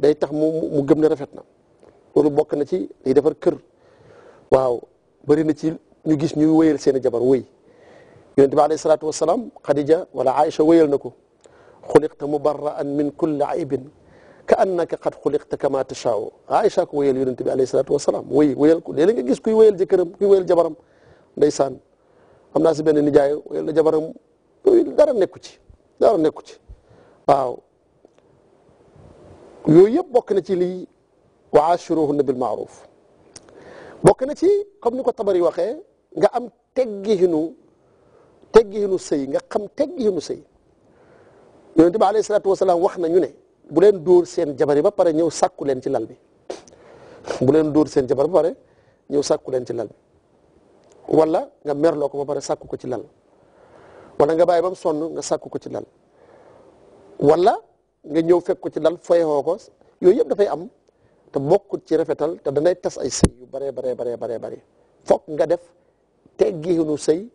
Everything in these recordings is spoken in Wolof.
day tax mu mu gëm ne rafet na loolu bokk na ci day defar kër waaw bari na ci ñu gis ñu wëyel seen jabar wéy yunus bi alayhi salatu wassalam khadija wala aisha wëyel nako khuliqta mubarraan min kulli aybin ka annaka qad xuliqta kama tachao aïcha ko wéyal yonente bi alayhi salaatu wasalaam wéy wéyal ko léeg-léeg nga gis kuy wéyal jëkkëram kuy wéyal jabaram ndeysaan am naa si benn nijaay wéyal na jabaram dara nekku ci dara nekku ci waaw yooyu yëpp bokk na ci lii wa ashiruhunna bil maaruf bokk na ci comme ni ko tabari waxee nga am teggihinu teggihinu sëy nga xam teggihinu sëy yonente bi alayhi wax nañu ne bu leen dóor seen jabar yi ba pare ñëw sàkku leen ci lal bi bu leen dóor seen jabar ba pare ñëw sàkku leen ci lal bi wala nga merloo ko ba pare sàkku ko ci lal walla nga bàyyi ba sonn nga sàkku ko ci lal wala nga ñëw fekk ko ci dal foyewoo ko yooyu yëpp dafay am te bokk ci rafetal te danay tas ay sëy yu baree bare baree baree bëri foog nga def te teggiinu sëy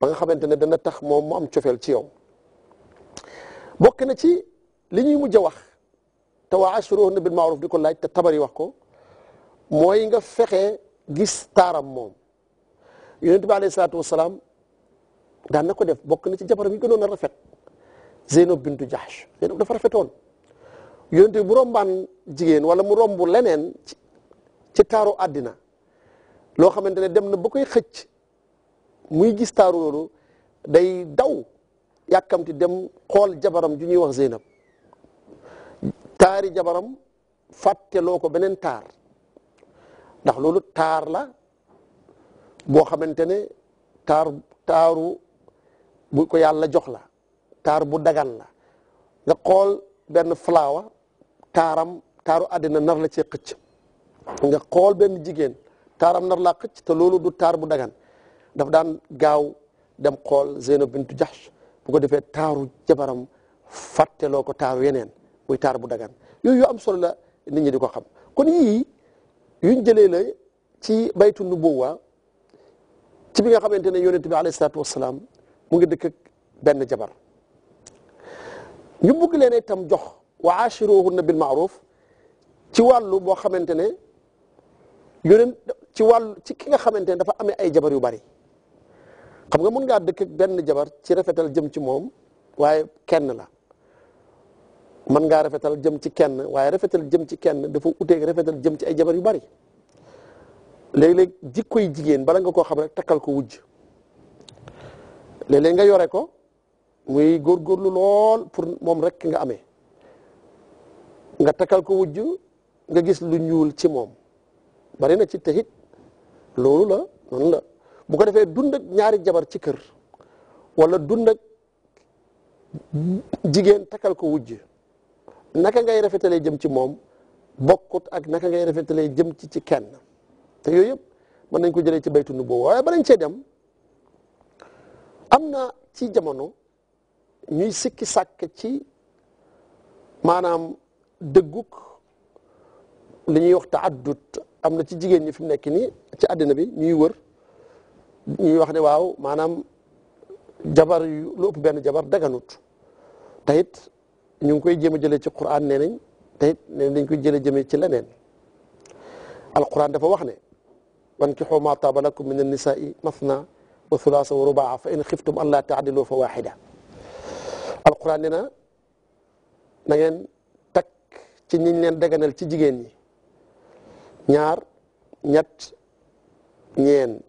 ba nga xamante ne dana tax moom mu am cofeel ci yow bokk na ci li ñuy mujj a wax te waa ashiruhunna bil ma'ruf di ko laaj te tabari wax ko mooy nga fexe gis taaram moom yonent bi alayhi salaatu wasalaam daan na ko def bokk na ci jabaram yi gënoon a rafet Zeynab bintu Jahsh Zeynab dafa rafetoon yonent bi bu rombaan jigéen wala mu romb leneen ci taaru àddina loo xamante ne dem na ba koy xëcc muy gis taaru loolu day daw yàkkamti dem xool jabaram ju ñuy wax Zeynab taari jabaram fàtteloo ko beneen taar ndax loolu taar la boo xamante ne taar taaru bu ko yàlla jox la taar bu dagan la nga xool benn flawa taaram taaru àddina nar la cee xëcc nga xool benn jigéen taaram nar laa xëcc te loolu du taar bu dagan daf daan gaaw dem xool Zeynab bintu Jahsh bu ko defee taaru jabaram fàtteloo ko taaru yeneen muy taar bu dagan yooyu am solo la nit ñi di ko xam kon yii yuñ jëlee la ci baytu nubuwa ci bi nga xamante ne yonent bi alayhi salaatu wassalaam mu ngi dëkk benn jabar yu bëgg leen itam jox wa ashiruhunna bil ma'ruf ci wàllu boo xamante ne yonent ci wàllu ci ki nga xamante ne dafa amee ay jabar yu bari xam nga mun ngaa dëkk benn jabar ci rafetal jëm ci moom waaye kenn la mën ngaa rafetal jëm ci kenn waaye rafetal jëm ci kenn dafa uteeg rafetal jëm ci ay jabar yu bari léeg-léeg yi jigéen bala nga koo xam rek takkal ko wuj léeg nga yore ko muy góorgóorlu lool pour moom rek nga amee nga takkal ko wujj nga gis lu ñuul ci moom bari na ci texit loolu la noonu bu ko defee dund ñaari jabar ci kër wala dund jigéen takkal ko wujj naka ngay rafetalee jëm ci moom bokkut ak naka ngay rafetalee jëm ci ci kenn te yooyu yëpp mën nañ ko jëlee ci baytu nu boobu waaye ba nañ cee dem am na ci jamono ñuy sikki sàkk ci maanaam dëgguk li ñuy wax taaddut am na ci jigéen ñi fi mu nekk nii ci àddina bi ñuy wër ñuy wax ne waaw maanaam jabar yu lu ëpp benn jabar daganut te it ñu ngi koy jéem a jëlee ci Qur'an nee nañ te it nee dañ koy jëlee jëmee ci leneen alquran dafa wax ne wankixu ma taaba lakum min annisaai mathna wa thulaasa wa rubaa fa in xiftum an laa taadilu fa waaxida alquran ne na na ngeen takk ci ñiñ leen daganal ci jigéen ñi ñaar ñett ñeent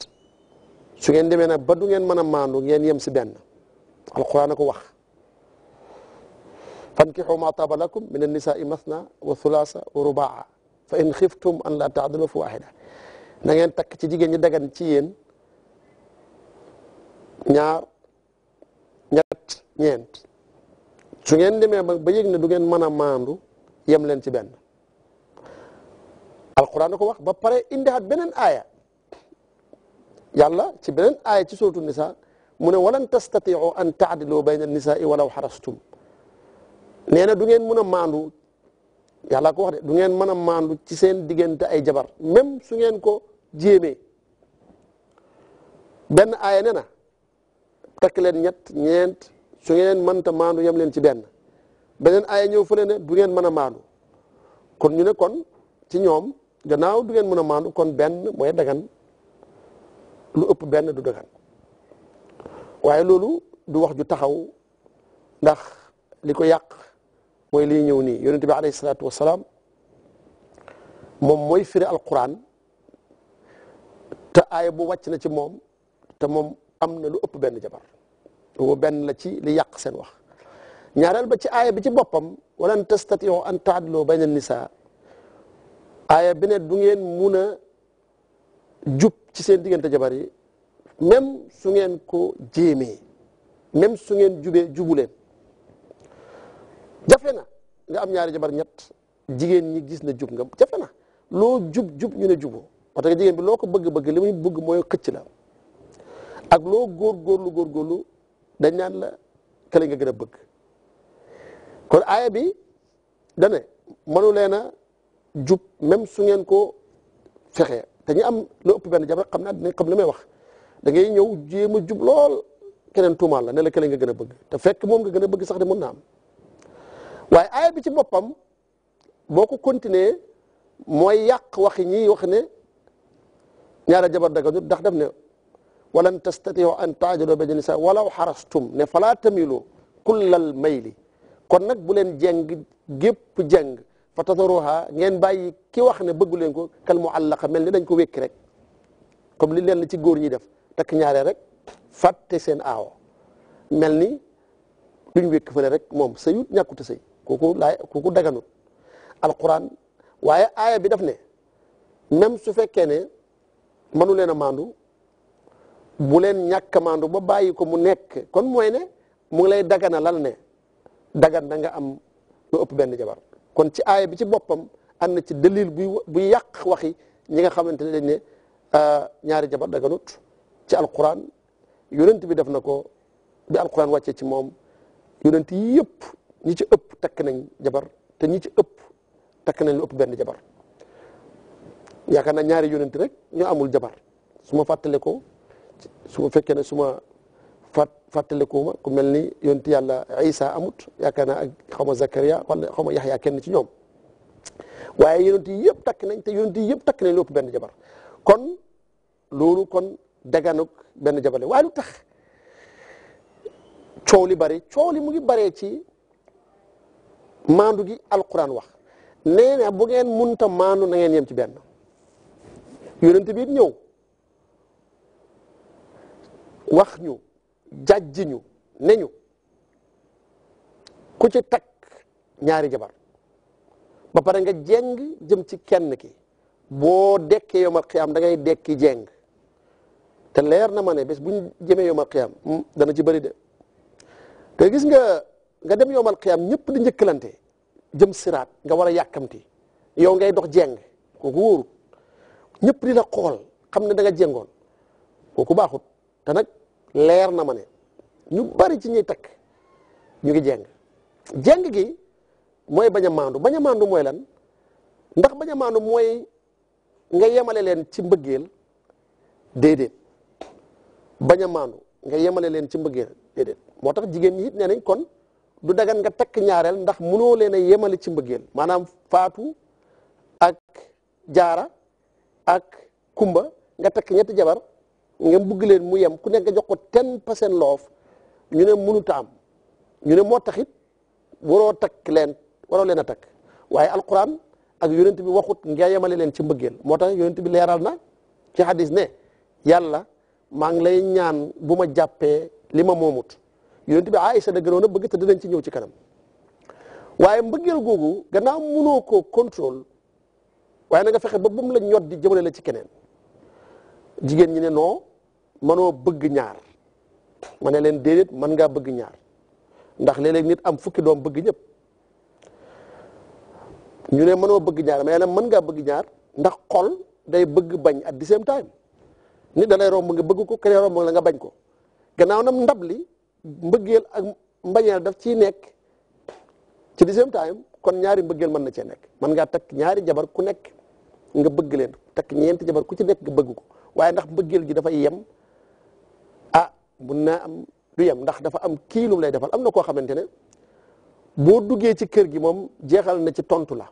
su ngeen demee nag ba du ngeen mën a maandu ngeen yem si benn alquran ko wax fankixu ma taaba lakum min annisaai masna wa thulaasa wa rubaa fa in xiftum an la taadilu fa waxida na ngeen takk ci jigéen ñi dagan ci yéen ñaar ñett ñeent su ngeen demee ba ba yëg ne du ngeen mën a maandu yem leen ci benn alquran da ko wax ba pare indiwaat beneen aaya yàlla ci beneen aaya ci suratu nisa mu ne walan tastatiu an taadilu bayna nisaai walaw xarastum nee na du ngeen mën a maandu yàlla ko wax de du ngeen mën a maandu ci seen diggante ay jabar même su ngeen ko jéemee benn aaya ne na takk leen ñett ñeent su ngeen ta manu yam len ci ben benen ay ñew fu ne du ngeen mëna manu kon ñu ne kon ci ñom gannaaw du ngeen mëna manu kon ben moy dagan lu upp ben du dagan waye lolu du wax ju taxaw ndax liko ko moy li ñew ni yaronte bi alayhi salatu wassalam mom moy firi alquran ta ay bu wacc na ci mom ta mom am lu upp ben jabar boobu benn la ci li yàq seen wax ñaareel ba ci aaya bi ci boppam walan tastatiu an taadloo bayna nisaa aaya bi ne du ngeen mun a jub ci seen diggante jabar yi même su ngeen ko jéemee même su ngeen jubee jubu leen jafe na nga am ñaari jabar ñett jigéen ñi gis na jub nga jafe loo jub jub ñu ne juboo parce que jigéen bi loo ko bëgg-bëgg li muy bëgg mooy xëcc la ak loo góor góorlu góorgóorlu dañ naan la kële nga gën a bëgg kon aaya bi dane mënu leen a jub même su ngeen ko fexee te ñu am lu ëpp benn jabar xam naa dinañ xam li may wax da ngay ñëw jéem a jub lool keneen tuumaal la ne la kële nga gën a bëgg te fekk moom nga gën a bëgg sax de mën naa am waaye aaya bi ci moppam boo ko continuer mooy yàq wax ñi wax ne ñaara jabar daganut ndax daf ne walan tastatihu an taajiloo bayna nisaa walaw xarastum ne falaa tamilu kullal mayli kon nag bu leen jeng gépp jeng fa tataruha ngeen bàyyi ki wax ne bëggu leen ko kal muallaqa mel ni dañ ko wékki rek comme li leen la ci góor ñi def takk ñaaree rek fàtte seen aawo mel ni duñ wékk fële rek moom sëyut ñàkkute sëy kooku laay kooku daganut alquran waaye aaya bi daf ne même su fekkee ne mënu leen a maandu bu leen ñàkk maandu ba bàyyi ko mu nekk kon mooy ne mu ngi lay dagana lal ne dagan na am lu ëpp benn jabar kon ci aaya bi ci boppam am na ci dalil buy buy yàq waxi ñi nga xamante ne dañ ne euh, ñaari jabar daganut ci alquran yonent bi def na ko bi alquran wàccee ci moom yonent yi yëpp ñi ci ëpp takk nañ jabar te ñi ci ëpp takk nañ lu ëpp benn jabar yaakaar naa ñaari yonent rek ñu amul jabar su ma fàttale ko su fekkee ne su ma fàtt fàttalikuuma ku mel ni yonti yàlla Isa amut yaakaar naa ak xaw ma Zakaria wala xaw ma Yaxya kenn ci ñoom waaye yonti yëpp takk nañ te yonti yëpp takk nañ lépp benn jabar kon loolu kon daganuk benn jabar la waaye tax coow li bari coow li mu ngi baree ci maandu gi alquran wax nee na bu ngeen munta maandu na ngeen yem ci benn yonent bi it ñëw wax ñu jajj ñu ne ñu ku ci takk ñaari jabar ba pare nga jeng jëm ci kenn ki boo dekkee yomal xiyaam da ngay dekki jeng té leer na ma ne bés buñ jëmee yomal xiyaam hmm, dana ci bari dé té gis nga nga dem yomal xiyaam ñëpp di ñëkkalanté jëm sirat nga wara yakamti yow ngay dox jeng ko wuur ñëpp di la xool xam da nga ko ku baxut té nak leer na nyupari ñu bari ci ñi takk ñu ngi jeng jeng gi moy baña mandu baña mandu moy lan ndax baña mandu moy nga yemalé len ci mbeugël dédé baña mandu nga yemalé len ci mbeugël dédé motax jigen ñi kon du dagan nga takk ñaarel ndax mëno leena yemalé ci mbeugël manam faatu ak jaara ak kumba nga takk ñet jabar ngeen bëgg leen mu yem ku nekk nga jox ko loof ñu ne mënut a am ñu ne moo taxit waroo takk leen waroo leen a takk waaye alquran ak yonent bi waxut nga yemale leen ci mbëggeel moo tax yonent bi leeral na ci hadis ne yàlla maa ngi lay ñaan bu ma jàppee li ma moomut yonent bi Aïcha da gënoon a bëgg te dinañ ci ñëw ci kanam waaye mbëggeel googu gannaaw mënoo koo contrôle waaye na nga fexe ba bu mu la ñot di jëmale la ci keneen jigéen ñi ne noo mano bëgg ñaar mané len dédét man nga bëgg ñaar ndax léeg nit am fukki doom bëgg ñëpp ñu né mënoo bëgg ñaar mais nag mën bëgg ñaar ndax xol day bëgg bañ at the same time ni da lay romb nga bëgg ko kéré romb la nga bañ ko gannaaw nam ndabli li ak mbañal daf ci nekk ci the same time kon ñaari mbeugël man na ci nekk man nga tak ñaari jabar ku nekk nga bëgg len tak ñent jabar ku ci nekk nga bëgg ko waye ndax mbeugël gi dafa yem mun naa am du yem ndax dafa am kii lum lay defal am na koo xamante ne boo duggee ci kër gi moom jeexal na ci tontu la